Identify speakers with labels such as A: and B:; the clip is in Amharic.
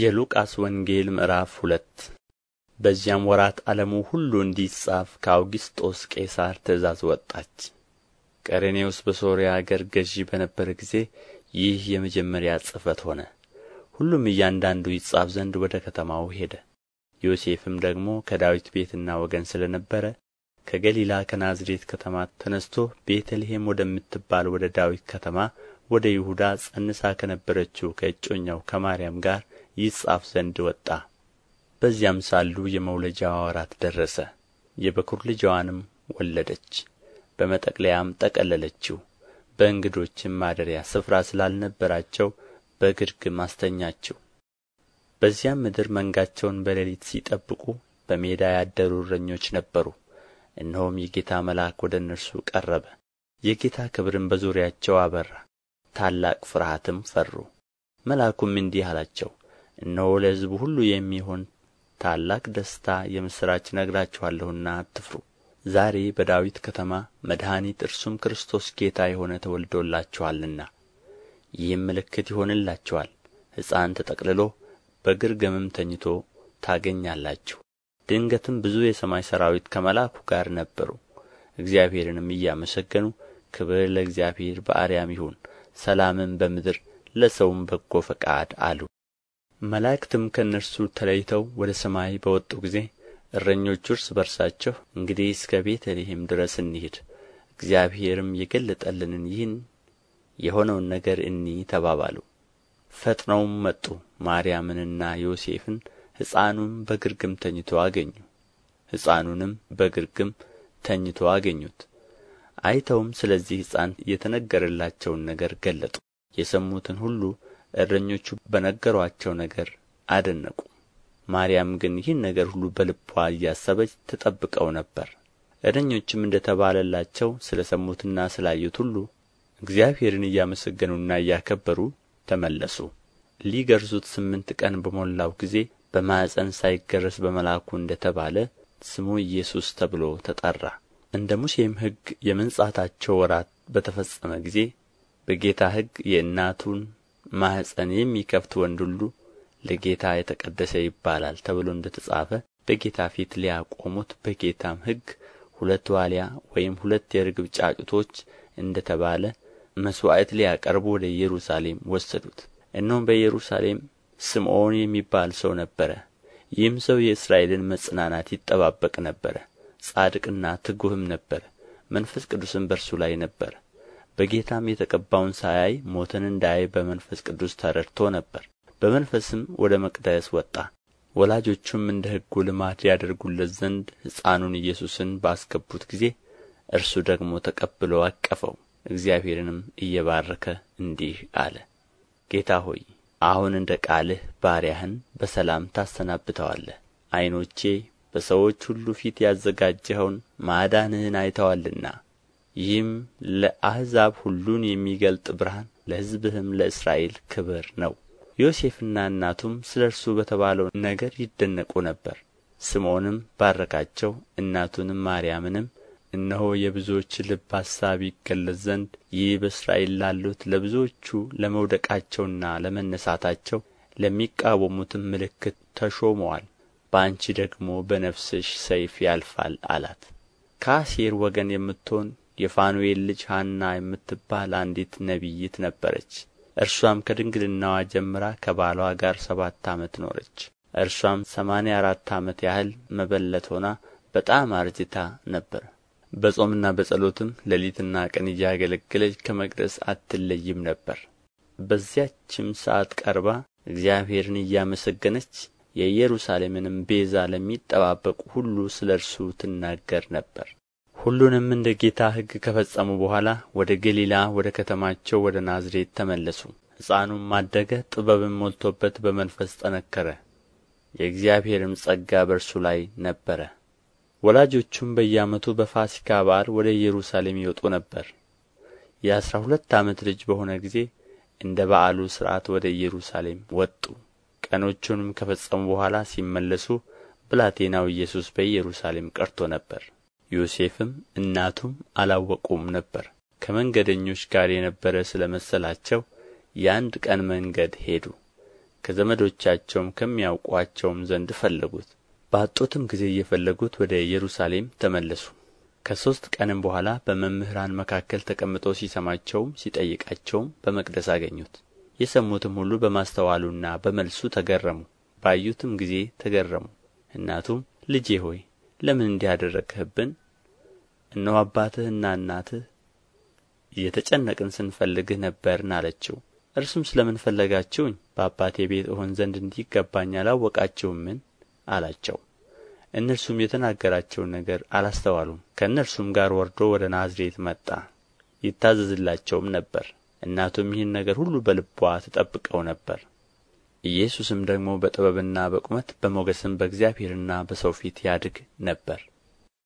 A: የሉቃስ ወንጌል ምዕራፍ ሁለት በዚያም ወራት ዓለሙ ሁሉ እንዲጻፍ ከአውግስጦስ ቄሳር ትእዛዝ ወጣች። ቀሬኔዎስ በሶርያ አገር ገዢ በነበረ ጊዜ ይህ የመጀመሪያ ጽሕፈት ሆነ። ሁሉም እያንዳንዱ ይጻፍ ዘንድ ወደ ከተማው ሄደ። ዮሴፍም ደግሞ ከዳዊት ቤትና ወገን ስለ ነበረ ከገሊላ ከናዝሬት ከተማ ተነስቶ ቤተልሔም ወደምትባል ወደ ዳዊት ከተማ ወደ ይሁዳ ጸንሳ ከነበረችው ከእጮኛው ከማርያም ጋር ይጻፍ ዘንድ ወጣ። በዚያም ሳሉ የመውለጃዋ ወራት ደረሰ። የበኩር ልጃዋንም ወለደች። በመጠቅለያም ጠቀለለችው። በእንግዶችም ማደሪያ ስፍራ ስላልነበራቸው በግርግም አስተኛችው። በዚያም ምድር መንጋቸውን በሌሊት ሲጠብቁ በሜዳ ያደሩ እረኞች ነበሩ። እነሆም የጌታ መልአክ ወደ እነርሱ ቀረበ፣ የጌታ ክብርም በዙሪያቸው አበራ፣ ታላቅ ፍርሃትም ፈሩ። መልአኩም እንዲህ አላቸው፣ እነሆ ለሕዝቡ ሁሉ የሚሆን ታላቅ ደስታ የምሥራች ነግራችኋለሁና አትፍሩ ዛሬ በዳዊት ከተማ መድኃኒት እርሱም ክርስቶስ ጌታ የሆነ ተወልዶላችኋልና ይህም ምልክት ይሆንላችኋል ሕፃን ተጠቅልሎ በግርግምም ተኝቶ ታገኛላችሁ ድንገትም ብዙ የሰማይ ሰራዊት ከመልአኩ ጋር ነበሩ እግዚአብሔርንም እያመሰገኑ ክብር ለእግዚአብሔር በአርያም ይሁን ሰላምም በምድር ለሰውም በጎ ፈቃድ አሉ መላእክትም ከእነርሱ ተለይተው ወደ ሰማይ በወጡ ጊዜ እረኞቹ እርስ በርሳቸው እንግዲህ እስከ ቤተልሔም ድረስ እንሂድ እግዚአብሔርም የገለጠልንን ይህን የሆነውን ነገር እንይ ተባባሉ። ፈጥነውም መጡ፣ ማርያምንና ዮሴፍን ሕፃኑን በግርግም ተኝቶ አገኙ። ሕፃኑንም በግርግም ተኝቶ አገኙት። አይተውም ስለዚህ ሕፃን የተነገረላቸውን ነገር ገለጡ። የሰሙትን ሁሉ እረኞቹ በነገሩአቸው ነገር አደነቁ ማርያም ግን ይህን ነገር ሁሉ በልቧ እያሰበች ትጠብቀው ነበር እረኞችም እንደ ተባለላቸው ስለ ሰሙትና ስላዩት ሁሉ እግዚአብሔርን እያመሰገኑና እያከበሩ ተመለሱ። ሊገርዙት ስምንት ቀን በሞላው ጊዜ በማኅፀን ሳይገረስ በመልአኩ እንደ ተባለ ስሙ ኢየሱስ ተብሎ ተጠራ። እንደ ሙሴም ሕግ የመንጻታቸው ወራት በተፈጸመ ጊዜ በጌታ ሕግ የእናቱን ማኅፀን የሚከፍት ወንድ ሁሉ ለጌታ የተቀደሰ ይባላል ተብሎ እንደ ተጻፈ በጌታ ፊት ሊያቆሙት በጌታም ሕግ ሁለት ዋሊያ ወይም ሁለት የርግብ ጫጩቶች እንደ ተባለ መሥዋዕት ሊያቀርቡ ወደ ኢየሩሳሌም ወሰዱት። እነሆም በኢየሩሳሌም ስምዖን የሚባል ሰው ነበረ። ይህም ሰው የእስራኤልን መጽናናት ይጠባበቅ ነበረ፣ ጻድቅና ትጉህም ነበር መንፈስ ቅዱስም በእርሱ ላይ ነበር። በጌታም የተቀባውን ሳያይ ሞትን እንዳይ በመንፈስ ቅዱስ ተረድቶ ነበር በመንፈስም ወደ መቅደስ ወጣ ወላጆቹም እንደ ሕጉ ልማድ ያደርጉለት ዘንድ ሕፃኑን ኢየሱስን ባስገቡት ጊዜ እርሱ ደግሞ ተቀብሎ አቀፈው፣ እግዚአብሔርንም እየባረከ እንዲህ አለ። ጌታ ሆይ አሁን እንደ ቃልህ ባሪያህን በሰላም ታሰናብተዋለህ። ዐይኖቼ በሰዎች ሁሉ ፊት ያዘጋጀኸውን ማዳንህን አይተዋልና ይህም ለአሕዛብ ሁሉን የሚገልጥ ብርሃን ለሕዝብህም ለእስራኤል ክብር ነው ዮሴፍና እናቱም ስለ እርሱ በተባለው ነገር ይደነቁ ነበር ስምዖንም ባረካቸው እናቱንም ማርያምንም እነሆ የብዙዎች ልብ ሐሳብ ይገለጽ ዘንድ ይህ በእስራኤል ላሉት ለብዙዎቹ ለመውደቃቸውና ለመነሳታቸው ለሚቃወሙትም ምልክት ተሾመዋል በአንቺ ደግሞ በነፍስሽ ሰይፍ ያልፋል አላት ከአሴር ወገን የምትሆን የፋኑኤል ልጅ ሐና የምትባል አንዲት ነቢይት ነበረች። እርሷም ከድንግልናዋ ጀምራ ከባሏ ጋር ሰባት ዓመት ኖረች። እርሷም ሰማንያ አራት ዓመት ያህል መበለት ሆና በጣም አርጅታ ነበር። በጾምና በጸሎትም ሌሊትና ቀን እያገለገለች ከመቅደስ አትለይም ነበር። በዚያችም ሰዓት ቀርባ እግዚአብሔርን እያመሰገነች የኢየሩሳሌምንም ቤዛ ለሚጠባበቁ ሁሉ ስለ እርሱ ትናገር ነበር። ሁሉንም እንደ ጌታ ሕግ ከፈጸሙ በኋላ ወደ ገሊላ ወደ ከተማቸው ወደ ናዝሬት ተመለሱ። ሕፃኑም አደገ፣ ጥበብም ሞልቶበት በመንፈስ ጠነከረ፣ የእግዚአብሔርም ጸጋ በእርሱ ላይ ነበረ። ወላጆቹም በየዓመቱ በፋሲካ በዓል ወደ ኢየሩሳሌም ይወጡ ነበር። የአሥራ ሁለት ዓመት ልጅ በሆነ ጊዜ እንደ በዓሉ ሥርዓት ወደ ኢየሩሳሌም ወጡ። ቀኖቹንም ከፈጸሙ በኋላ ሲመለሱ ብላቴናው ኢየሱስ በኢየሩሳሌም ቀርቶ ነበር። ዮሴፍም እናቱም አላወቁም ነበር ከመንገደኞች ጋር የነበረ ስለ መሰላቸው የአንድ ቀን መንገድ ሄዱ። ከዘመዶቻቸውም ከሚያውቋቸውም ዘንድ ፈለጉት፣ ባጡትም ጊዜ እየፈለጉት ወደ ኢየሩሳሌም ተመለሱ። ከሦስት ቀንም በኋላ በመምህራን መካከል ተቀምጦ ሲሰማቸውም ሲጠይቃቸውም በመቅደስ አገኙት። የሰሙትም ሁሉ በማስተዋሉና በመልሱ ተገረሙ። ባዩትም ጊዜ ተገረሙ። እናቱም ልጄ ሆይ ለምን እንዲህ አደረግህብን እነሆ አባትህና እናትህ እየተጨነቅን ስንፈልግህ ነበርን አለችው እርሱም ስለ ምን ፈለጋችሁኝ በአባቴ ቤት እሆን ዘንድ እንዲገባኝ አላወቃችሁምን አላቸው እነርሱም የተናገራቸውን ነገር አላስተዋሉም ከእነርሱም ጋር ወርዶ ወደ ናዝሬት መጣ ይታዘዝላቸውም ነበር እናቱም ይህን ነገር ሁሉ በልቧ ትጠብቀው ነበር ኢየሱስም ደግሞ በጥበብና በቁመት በሞገስም በእግዚአብሔርና በሰው ፊት ያድግ ነበር